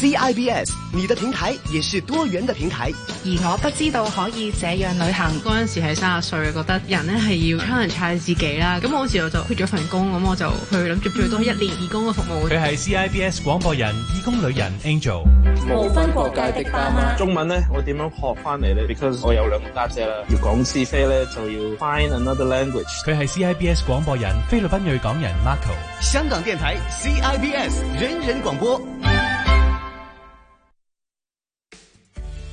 CIBS，你的平台也是多元的平台。而我不知道可以這樣旅行。嗰、嗯、陣時係三十歲，覺得人咧係要 challenge 自己啦。咁、嗯、嗰時我就 quit 咗份工，咁我就去諗住最多一年義工嘅服務。佢、嗯、係 CIBS 廣播人，義工旅人 Angel。冇分國界的中文咧，我點樣學翻嚟咧？Because 我有兩個家姐啦，要講是非咧就要 find another language。佢係 CIBS 廣播人，菲律賓裔港人 Marco。香港電台 CIBS，人人廣播。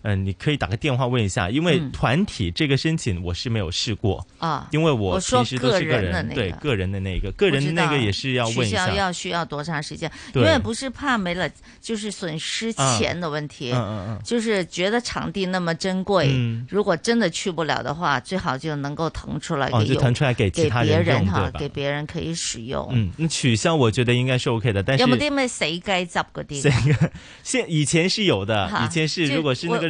嗯、呃，你可以打個電話問一下，因為團體這個申請我是沒有試過、嗯、啊，因為我平時都是個人，個人的、那個、對個人的那個，個人的那個也是要問一下，取消要需要多長時間？對，因為不是怕沒了，就是損失錢的問題，啊、就是覺得場地那麼珍貴，嗯、如果真的去不了的話，嗯、最好就能夠騰出來給，哦，就騰出來給人給別人哈，給別人可以使用。嗯，那取消我覺得應該是 OK 的，但是有冇啲咩死雞汁嗰啲？現以前是有的，以前是如果是那個人。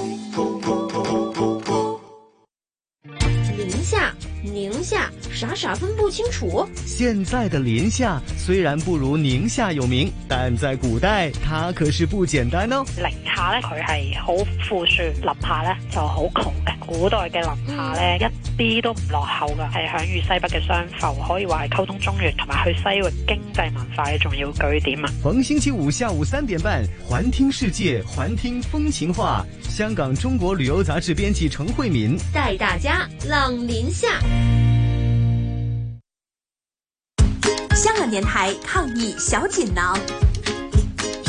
寧夏傻傻分不清楚。現在的臨夏雖然不如寧夏有名，但在古代它可是不簡單哦。寧夏咧，佢係好富庶；臨夏咧，就好窮嘅。古代嘅臨夏咧、嗯，一啲都唔落後噶，係享譽西北嘅商埠，可以話係溝通中原同埋去西域經濟文化嘅重要據點啊！逢星期五下午三點半，環聽世界，環聽風情話。香港中國旅遊雜誌編輯程慧敏帶大家冷臨夏。香港電台抗疫小錦囊。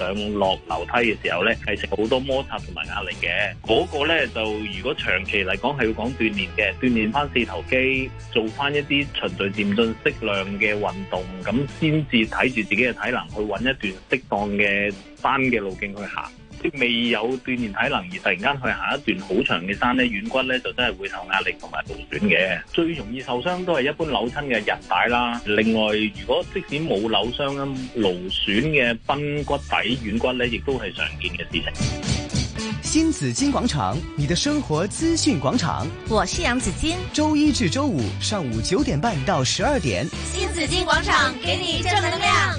上落樓梯嘅時候咧，係食好多摩擦同埋壓力嘅。嗰個咧，就如果長期嚟講，係要講鍛煉嘅，鍛煉翻四頭肌，做翻一啲循序漸進適量嘅運動，咁先至睇住，自己嘅體能去揾一段適當嘅翻嘅路徑去行。未有鍛煉體能而突然間去行一段好長嘅山咧，軟骨咧就真係會受壓力同埋勞損嘅。最容易受傷都係一般扭親嘅韌帶啦。另外，如果即使冇扭傷咁勞損嘅髕骨底軟骨咧，亦都係常見嘅事情。新紫荊廣場，你的生活資訊廣場，我是楊子矜。周一至周五上午九點半到十二點，新紫荊廣場給你正能量。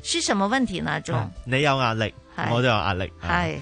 是什麼問題呢？就、啊、你有壓力，我都有壓力，係。啊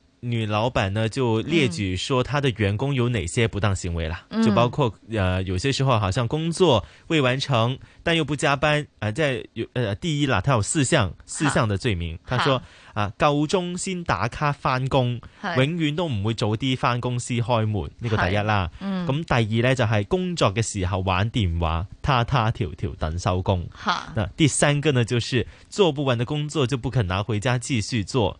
女老闆呢，就列舉說她的員工有哪些不當行為了，嗯、就包括呃，有些時候好像工作未完成，但又不加班啊、呃，在呃，第一啦，她有四項四項的罪名，他說啊，夠鐘先打卡返工，永遠都唔會早啲返公司開門，呢、這個第一啦。嗯，咁第二呢，就係、是、工作嘅時候玩電話，他他條條等收工。哈，第三個呢，就是做不完的工作就不肯拿回家繼續做。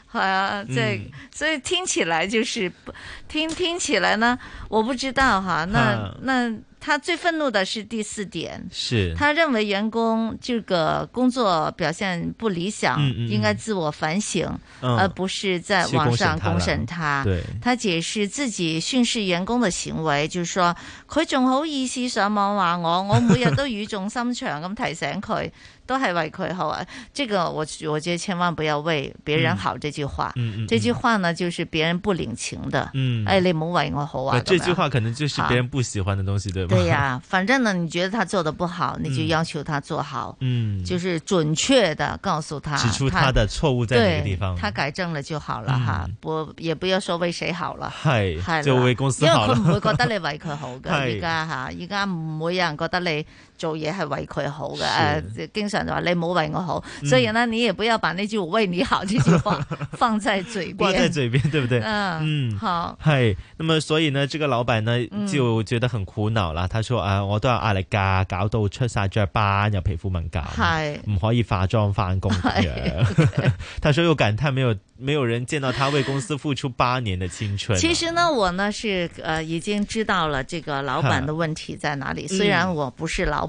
好啊，對、嗯，所以聽起來就是，聽聽起來呢，我不知道哈、啊，那他那他最憤怒的是第四點，是他認為員工這個工作表現不理想，嗯嗯、應該自我反省、嗯，而不是在網上公審他，公審他。對，他解釋自己訓斥員工的行為，就是說，佢仲好意思上網話我，我每日都語重心長咁提醒佢。 都係為佢好啊！這個我我覺得千萬不要為別人好這句話，嗯、這句話呢、嗯、就是別人不領情的。嗯，哎，你冇為我好啊！這句話可能就是別人不喜歡的東西，啊、對不對？對呀，反正呢，你覺得他做得不好，你就要求他做好，嗯，就是準確的告訴他，嗯、他指出他的錯誤在哪個地方，他改正了就好了哈、嗯。不，也不要說為誰好了，係就為公司好了。因為佢唔會覺得你為佢好噶，而家吓，而家唔會有人覺得你。做嘢係為佢好嘅，啊，經常就話你冇為我好，嗯，所以呢，你也不要把那句我為你好這句話放在嘴邊， 放在嘴邊，對不對？嗯，嗯，好，係，那麼所以呢，這個老闆呢，嗯，就覺得很苦惱啦。他說：啊，我都有壓力㗎，搞到出晒雀斑又皮膚敏感，係唔可以化妝翻工嘅。 他說又感嘆沒有沒有人見到他為公司付出八年的青春。其實呢，我呢是，誒，呃，已經知道了這個老闆的問題在哪裡。嗯，雖然我不是老。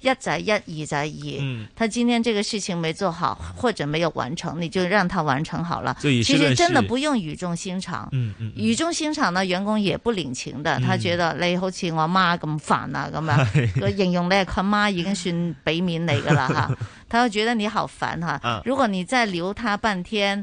一在一,一,一，二在二。他今天這個事情沒做好，或者沒有完成，你就讓他完成好了。是是其實真的不用語重心長，嗯嗯嗯。語重心長呢，員工也不領情的，他覺得、嗯、你好似我媽咁煩啊、咁、嗯、樣 個形容你佢媽已經算俾面你㗎喇，他會覺得你好煩哈、啊 啊。如果你再留他半天。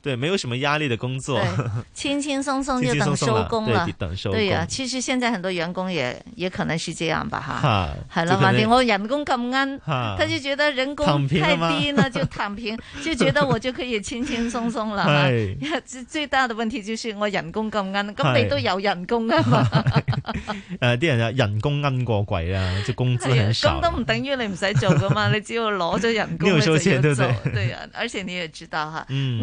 對，沒有什麼壓力的工作，輕輕鬆鬆就等收工了，輕輕鬆鬆了對呀、啊，其實現在很多員工也也可能是這樣吧，哈，係啦，反正我人工咁奀，他就覺得人工太低呢、啊，就躺平， 就覺得我就可以輕輕鬆鬆了，哈。 最大嘅問題就係我人工咁奀，咁你都有人工噶嘛？誒， 啲人啊，人工奀過鬼啦，即工資咁都唔等於你唔使做噶嘛， 你只要攞咗人工咧就要做， 對呀。而且你也知道哈，奀、 嗯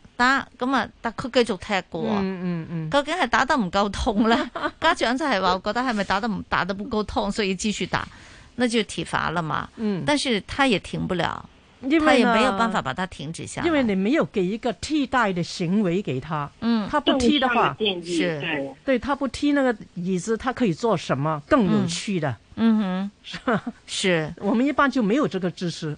得咁啊！但佢繼續踢，究竟係打得唔夠痛，家長就係話：我覺得係咪打得唔打得不夠痛， 所以繼續打，那就體罰了嘛。嗯，但是他也停不了，他也沒有辦法把他停止下來，因，因為你沒有給一個替代的行為給他。嗯，他不踢的話，是對，對，是對他不踢那個椅子，他可以做什麼更有趣的？嗯哼，是，我們一般就沒有這個知識。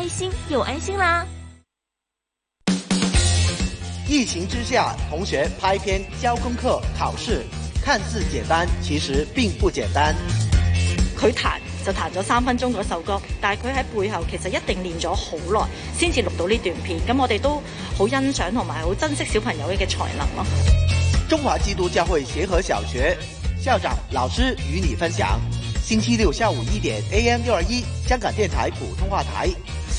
安心又安心啦！疫情之下，同學拍片、交功課、考試，看似簡單，其實並不簡單。佢彈就彈咗三分鐘嗰首歌，但係佢喺背後其實一定練咗好耐，先至錄到呢段片。咁我哋都好欣賞同埋好珍惜小朋友嘅才能咯。中華基督教會協和小學校長老師與你分享：星期六下午一點，AM 六二一，香港電台普通話台。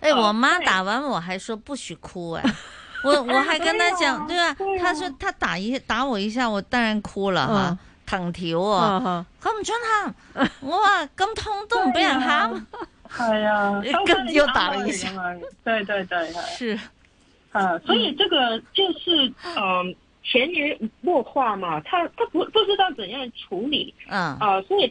哎，我媽打完我還說不許哭。哎、哦，我我還跟她講，哎、對吧？對對，她說她打一打我一下，我當然哭了哈。藤條啊，我唔准喊，我話咁痛都唔俾人喊。係啊，你跟住、哎、 打了一下、哎打了一，對對對，是。啊，所以這個就是嗯，潛移默化嘛，她她不不知道怎樣處理。嗯，啊、呃，所以。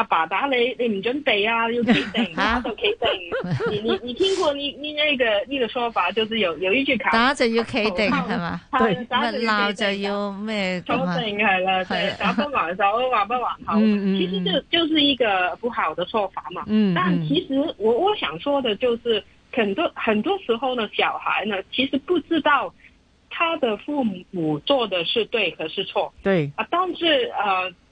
阿爸打你，你唔準備啊，要企定啊，就企定。你你你聽過你呢呢、那個呢、那個說法，就是有有一句卡打就要企定係嘛？打就鬧就要咩係嘛？肯定係啦，對，打，打對 對不還手，還不還口、嗯，其實就就是一個不好的說法嘛。嗯。但其實我我想說的，就是很多很多時候呢，小孩呢，其實不知道他的父母做的是對還是錯。對。啊，但是呃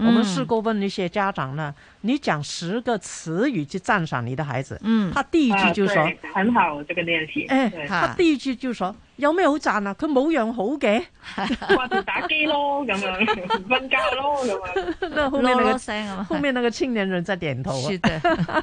我們試過問一些家長呢，你講十個詞語去讚賞你的孩子，嗯，他第一句就說、啊、很好這個練習，哎，他第一句就說有咩好讚啊？佢冇樣好嘅，話住打機咯咁樣，瞓覺咯咁樣，後面那個青年人在點頭，是的。